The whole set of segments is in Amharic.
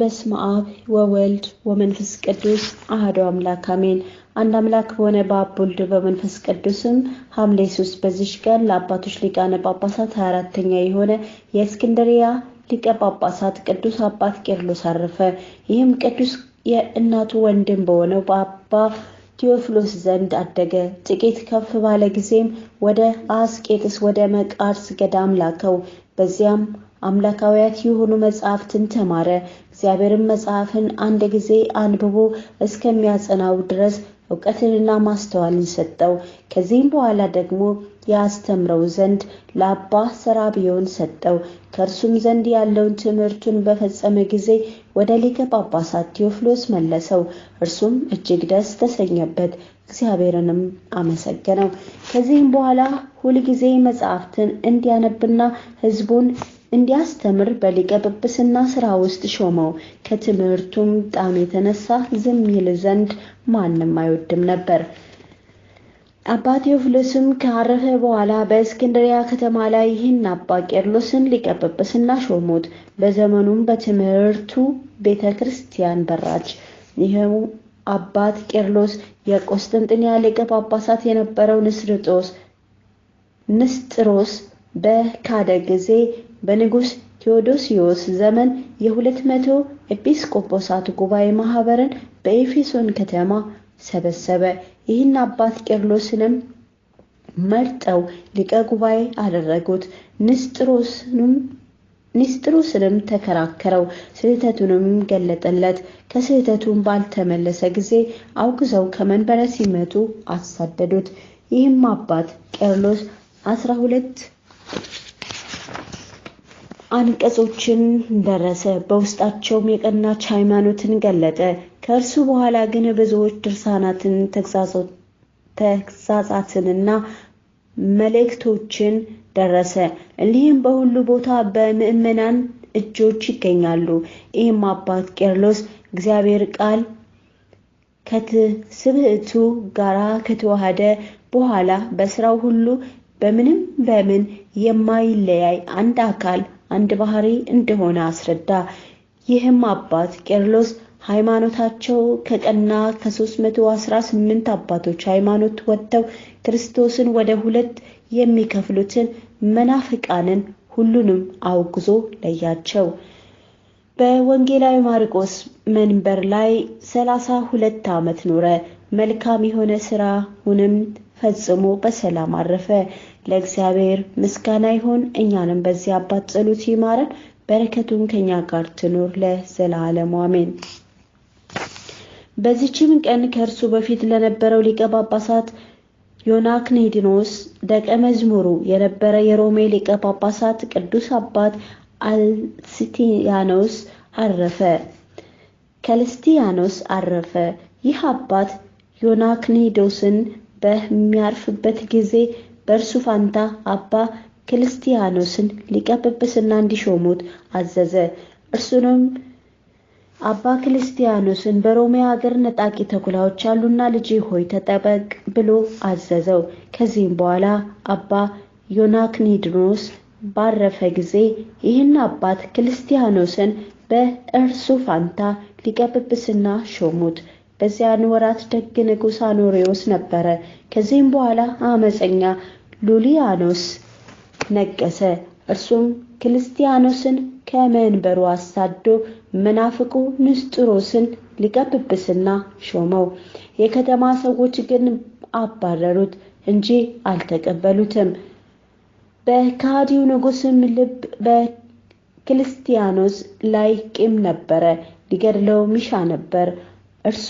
በስመ አብ ወወልድ ወመንፈስ ቅዱስ አህዶ አምላክ አሜን። አንድ አምላክ በሆነ በአብ ወልድ በመንፈስ ቅዱስም ሐምሌ ሶስት በዚች ቀን ለአባቶች ሊቃነ ጳጳሳት 24ተኛ የሆነ የእስክንድሪያ ሊቀ ጳጳሳት ቅዱስ አባት ቄርሎስ አረፈ። ይህም ቅዱስ የእናቱ ወንድም በሆነው በአባ ቴዎፍሎስ ዘንድ አደገ። ጥቂት ከፍ ባለ ጊዜም ወደ አስቄጥስ ወደ መቃርስ ገዳም ላከው። በዚያም አምላካዊያት የሆኑ መጽሐፍትን ተማረ። እግዚአብሔርን መጽሐፍን አንድ ጊዜ አንብቦ እስከሚያጸናው ድረስ እውቀትንና ማስተዋልን ሰጠው። ከዚህም በኋላ ደግሞ ያስተምረው ዘንድ ለአባ ሰራቢዮን ሰጠው። ከእርሱም ዘንድ ያለውን ትምህርቱን በፈጸመ ጊዜ ወደ ሊቀ ጳጳሳት ቴዎፍሎስ መለሰው። እርሱም እጅግ ደስ ተሰኘበት፣ እግዚአብሔርንም አመሰገነው። ከዚህም በኋላ ሁልጊዜ መጽሐፍትን እንዲያነብና ሕዝቡን እንዲያስተምር በሊቀ ጵጵስና ሥራ ውስጥ ሾመው። ከትምህርቱም ጣም የተነሳ ዝም ይል ዘንድ ማንም አይወድም ነበር። አባ ቴዎፍሎስም ካረፈ በኋላ በእስክንድሪያ ከተማ ላይ ይህን አባ ቄርሎስን ሊቀ ጵጵስና ሾሙት። በዘመኑም በትምህርቱ ቤተ ክርስቲያን በራች። ይኸው አባት ቄርሎስ የቆስጥንጥንያ ሊቀ ጳጳሳት የነበረው ንስርጦስ ንስጥሮስ በካደ ጊዜ በንጉሥ ቴዎዶሲዮስ ዘመን የ200 ኤጲስቆጶሳት ጉባኤ ማህበርን በኤፌሶን ከተማ ሰበሰበ። ይህን አባት ቄርሎስንም መርጠው ሊቀ ጉባኤ አደረጉት። ንስጥሮስንም ንስጥሮስንም ተከራከረው፣ ስህተቱንም ገለጠለት። ከስህተቱም ባልተመለሰ ጊዜ አውግዘው ከመንበረ ሲመቱ አሳደዱት። ይህም አባት ቄርሎስ አስራ ሁለት አንቀጾችን ደረሰ፣ በውስጣቸውም የቀናች ሃይማኖትን ገለጠ። ከእርሱ በኋላ ግን ብዙዎች ድርሳናትን፣ ተግሳጻትንና መልእክቶችን ደረሰ። እንዲህም በሁሉ ቦታ በምእመናን እጆች ይገኛሉ። ይህም አባት ቄርሎስ እግዚአብሔር ቃል ከትስብእቱ ጋራ ከተዋሃደ በኋላ በስራው ሁሉ በምንም በምን የማይለያይ አንድ አካል አንድ ባህሪ እንደሆነ አስረዳ። ይህም አባት ቄርሎስ ሃይማኖታቸው ከቀና ከ318 አባቶች ሃይማኖት ወጥተው ክርስቶስን ወደ ሁለት የሚከፍሉትን መናፍቃንን ሁሉንም አውግዞ ለያቸው። በወንጌላዊ ማርቆስ መንበር ላይ 32 አመት ዓመት ኖረ። መልካም የሆነ ስራውንም ፈጽሞ በሰላም አረፈ። ለእግዚአብሔር ምስጋና ይሁን። እኛንም በዚህ አባት ጸሎት ይማረን፣ በረከቱም ከኛ ጋር ትኑር ለዘላለሙ አሜን። በዚችም ቀን ከእርሱ በፊት ለነበረው ሊቀ ጳጳሳት ዮናክኒዲኖስ ደቀ መዝሙሩ የነበረ የሮሜ ሊቀ ጳጳሳት ቅዱስ አባት አልስቲያኖስ አረፈ። ከልስቲያኖስ አረፈ። ይህ አባት ዮናክኒዶስን በሚያርፍበት ጊዜ በእርሱ ፋንታ አባ ክርስቲያኖስን ሊቀ ጵጵስና እንዲሾሙት አዘዘ። እርሱንም አባ ክርስቲያኖስን በሮሜ ሀገር ነጣቂ ተኩላዎች አሉና ልጅ ሆይ ተጠበቅ ብሎ አዘዘው። ከዚህም በኋላ አባ ዮናክኒድኖስ ባረፈ ጊዜ ይህን አባት ክርስቲያኖስን በእርሱ ፋንታ ሊቀ ጵጵስና ሾሙት። በዚያን ወራት ደግ ንጉሥ አኖሬዎስ ነበረ። ከዚህም በኋላ አመፀኛ ሉሊያኖስ ነገሰ። እርሱም ክርስቲያኖስን ከመንበሩ አሳዶ መናፍቁ ንስጥሮስን ሊቀብብስና ሾመው። የከተማ ሰዎች ግን አባረሩት እንጂ አልተቀበሉትም። በካዲው ንጉስም ልብ በክርስቲያኖስ ላይ ቂም ነበረ፣ ሊገድለው ሚሻ ነበር። እርሱ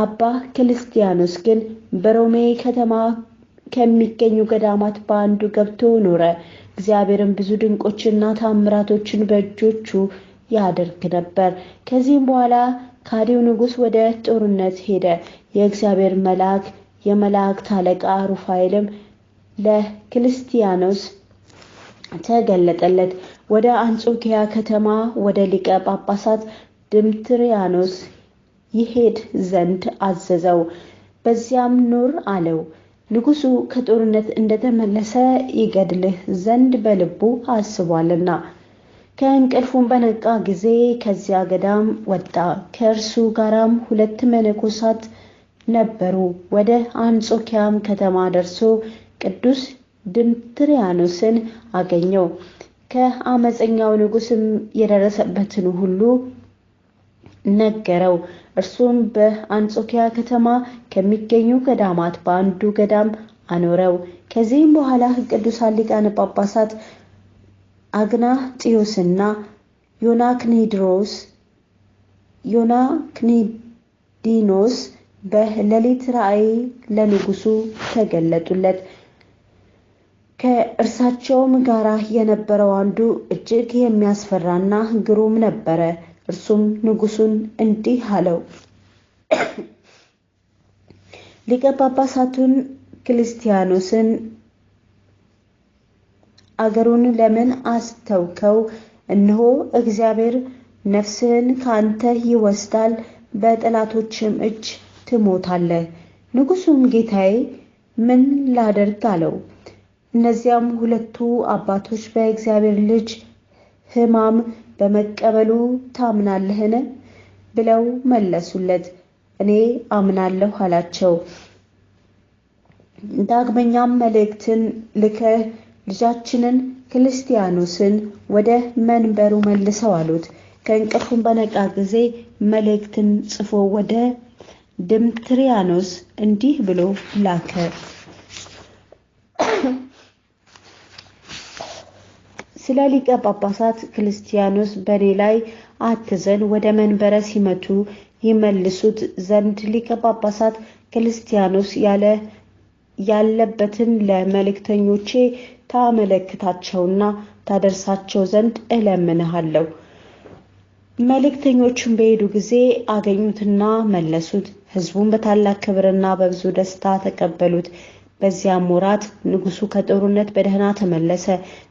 አባ ክርስቲያኖስ ግን በሮሜ ከተማ ከሚገኙ ገዳማት በአንዱ ገብቶ ኖረ። እግዚአብሔርም ብዙ ድንቆችና ታምራቶችን በእጆቹ ያደርግ ነበር። ከዚህም በኋላ ካዲው ንጉሥ ወደ ጦርነት ሄደ። የእግዚአብሔር መልአክ የመላእክት አለቃ ሩፋኤልም ለክርስቲያኖስ ተገለጠለት። ወደ አንጾኪያ ከተማ ወደ ሊቀ ጳጳሳት ድምትሪያኖስ ይሄድ ዘንድ አዘዘው። በዚያም ኑር አለው። ንጉሱ ከጦርነት እንደተመለሰ ይገድልህ ዘንድ በልቡ አስቧልና። ከእንቅልፉም በነቃ ጊዜ ከዚያ ገዳም ወጣ። ከእርሱ ጋራም ሁለት መነኮሳት ነበሩ። ወደ አንጾኪያም ከተማ ደርሶ ቅዱስ ድምትሪያኖስን አገኘው። ከአመፀኛው ንጉስም የደረሰበትን ሁሉ ነገረው። እርሱም በአንጾኪያ ከተማ ከሚገኙ ገዳማት በአንዱ ገዳም አኖረው። ከዚህም በኋላ ቅዱሳን ሊቃነ ጳጳሳት አግናጢዮስና ዮናክኒድሮስ ዮናክኒዲኖስ በሌሊት ራእይ ለንጉሱ ተገለጡለት። ከእርሳቸውም ጋራ የነበረው አንዱ እጅግ የሚያስፈራና ግሩም ነበረ። እርሱም ንጉሱን እንዲህ አለው፣ ሊቀ ጳጳሳቱን ክርስቲያኖስን አገሩን ለምን አስተውከው? እነሆ እግዚአብሔር ነፍስህን ካንተ ይወስዳል፣ በጠላቶችም እጅ ትሞታለህ። ንጉሱም ጌታዬ ምን ላደርግ አለው። እነዚያም ሁለቱ አባቶች በእግዚአብሔር ልጅ ሕማም በመቀበሉ ታምናለህን? ብለው መለሱለት። እኔ አምናለሁ አላቸው። ዳግመኛም መልእክትን ልከህ ልጃችንን ክርስቲያኖስን ወደ መንበሩ መልሰው አሉት። ከእንቅልፉም በነቃ ጊዜ መልእክትን ጽፎ ወደ ድምትሪያኖስ እንዲህ ብሎ ላከ። ስለ ሊቀ ጳጳሳት ክርስቲያኖስ በእኔ ላይ አትዘን ወደ መንበረ ሲመቱ ይመልሱት ዘንድ ሊቀ ጳጳሳት ክርስቲያኖስ ያለ ያለበትን ለመልእክተኞቼ ታመለክታቸውና ታደርሳቸው ዘንድ እለምንሃለሁ። መልእክተኞቹም በሄዱ ጊዜ አገኙትና መለሱት። ህዝቡን በታላቅ ክብርና በብዙ ደስታ ተቀበሉት። በዚያም ወራት ንጉሱ ከጦርነት በደህና ተመለሰ።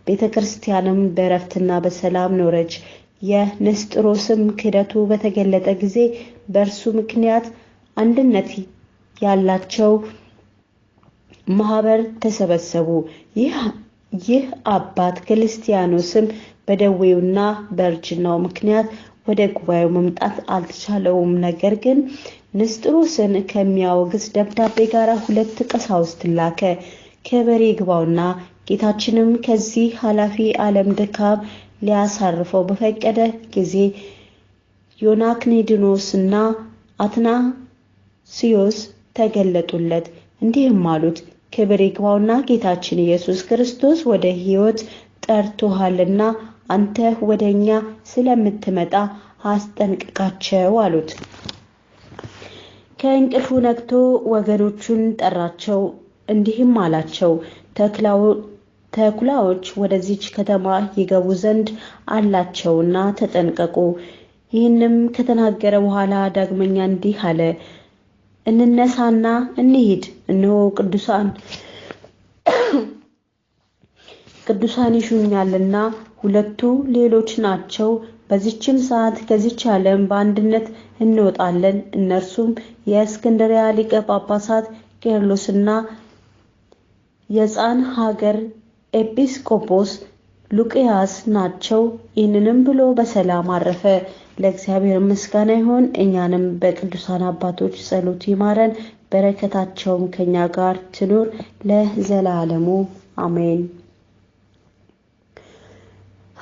ቤተ ክርስቲያንም በረፍትና በሰላም ኖረች። የንስጥሮስም ክደቱ በተገለጠ ጊዜ በእርሱ ምክንያት አንድነት ያላቸው ማህበር ተሰበሰቡ። ይህ አባት ክርስቲያኖስም በደዌውና በእርጅናው ምክንያት ወደ ጉባኤው መምጣት አልተቻለውም። ነገር ግን ንስጥሮስን ከሚያወግዝ ደብዳቤ ጋር ሁለት ቀሳውስት ላከ። ከበሬ ግባውና ጌታችንም ከዚህ ኃላፊ ዓለም ድካም ሊያሳርፈው በፈቀደ ጊዜ ዮናክኒድኖስና አትና ሲዮስ ተገለጡለት። እንዲህም አሉት፣ ክብር ይግባውና ጌታችን ኢየሱስ ክርስቶስ ወደ ሕይወት ጠርቶሃልና አንተ ወደ እኛ ስለምትመጣ አስጠንቅቃቸው አሉት። ከእንቅልፉ ነቅቶ ወገኖቹን ጠራቸው፣ እንዲህም አላቸው ተኩላዎች ወደዚች ከተማ ይገቡ ዘንድ አላቸውና ተጠንቀቁ። ይህንም ከተናገረ በኋላ ዳግመኛ እንዲህ አለ፣ እንነሳና እንሂድ። እነሆ ቅዱሳን ቅዱሳን ይሹኛልና ሁለቱ ሌሎች ናቸው። በዚችም ሰዓት ከዚች ዓለም በአንድነት እንወጣለን። እነርሱም የእስክንድሪያ ሊቀ ጳጳሳት ቄርሎስና የፃን ሀገር ኤጲስቆጶስ ሉቅያስ ናቸው። ይህንንም ብሎ በሰላም አረፈ። ለእግዚአብሔር ምስጋና ይሁን። እኛንም በቅዱሳን አባቶች ጸሎት ይማረን፣ በረከታቸውም ከኛ ጋር ትኑር ለዘላለሙ አሜን።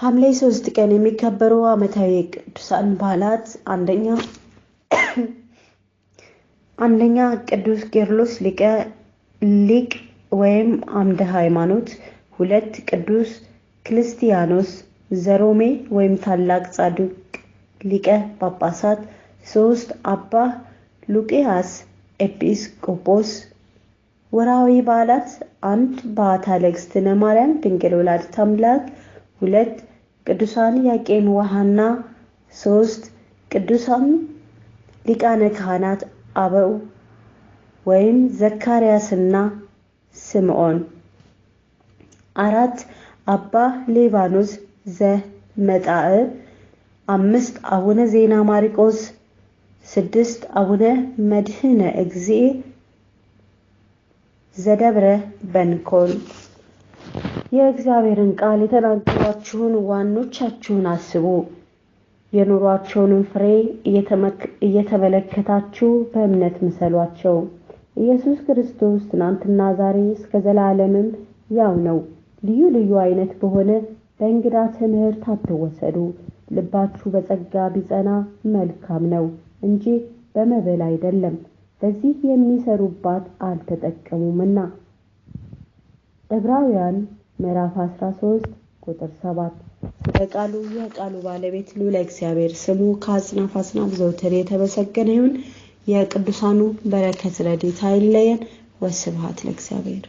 ሐምሌ ሶስት ቀን የሚከበሩ ዓመታዊ ቅዱሳን በዓላት አንደኛ አንደኛ ቅዱስ ቄርሎስ ሊቀ ሊቅ ወይም አምደ ሃይማኖት፣ ሁለት ቅዱስ ክርስቲያኖስ ዘሮሜ ወይም ታላቅ ጻድቅ ሊቀ ጳጳሳት፣ ሶስት አባ ሉቂያስ ኤጲስቆጶስ። ወርሃዊ በዓላት አንድ በዓታ ለእግዝእትነ ማርያም ድንግል ወላዲተ አምላክ ሁለት ቅዱሳን ያቄም ወሐና ሶስት ቅዱሳን ሊቃነ ካህናት አበው ወይም ዘካርያስና ስምዖን አራት አባ ሊባኖስ ዘመጣዕ አምስት አቡነ ዜና ማርቆስ ስድስት አቡነ መድህነ እግዚእ ዘደብረ በንኮል የእግዚአብሔርን ቃል የተናገሯችሁን ዋኖቻችሁን አስቡ። የኑሯቸውንም ፍሬ እየተመለከታችሁ በእምነት ምሰሏቸው። ኢየሱስ ክርስቶስ ትናንትና ዛሬ እስከ ዘላለምም ያው ነው። ልዩ ልዩ አይነት በሆነ በእንግዳ ትምህርት አትወሰዱ። ልባችሁ በጸጋ ቢጸና መልካም ነው እንጂ በመብል አይደለም፣ በዚህ የሚሰሩባት አልተጠቀሙምና። ዕብራውያን ምዕራፍ 13 ቁጥር 7 ስለ ቃሉ የቃሉ ባለቤት ልዑለ እግዚአብሔር ስሙ ከአጽናፍ አጽናፍ ዘውትር የተመሰገነ ይሁን። የቅዱሳኑ በረከት ረድኤት አይለየን። ወስብሐት ለእግዚአብሔር።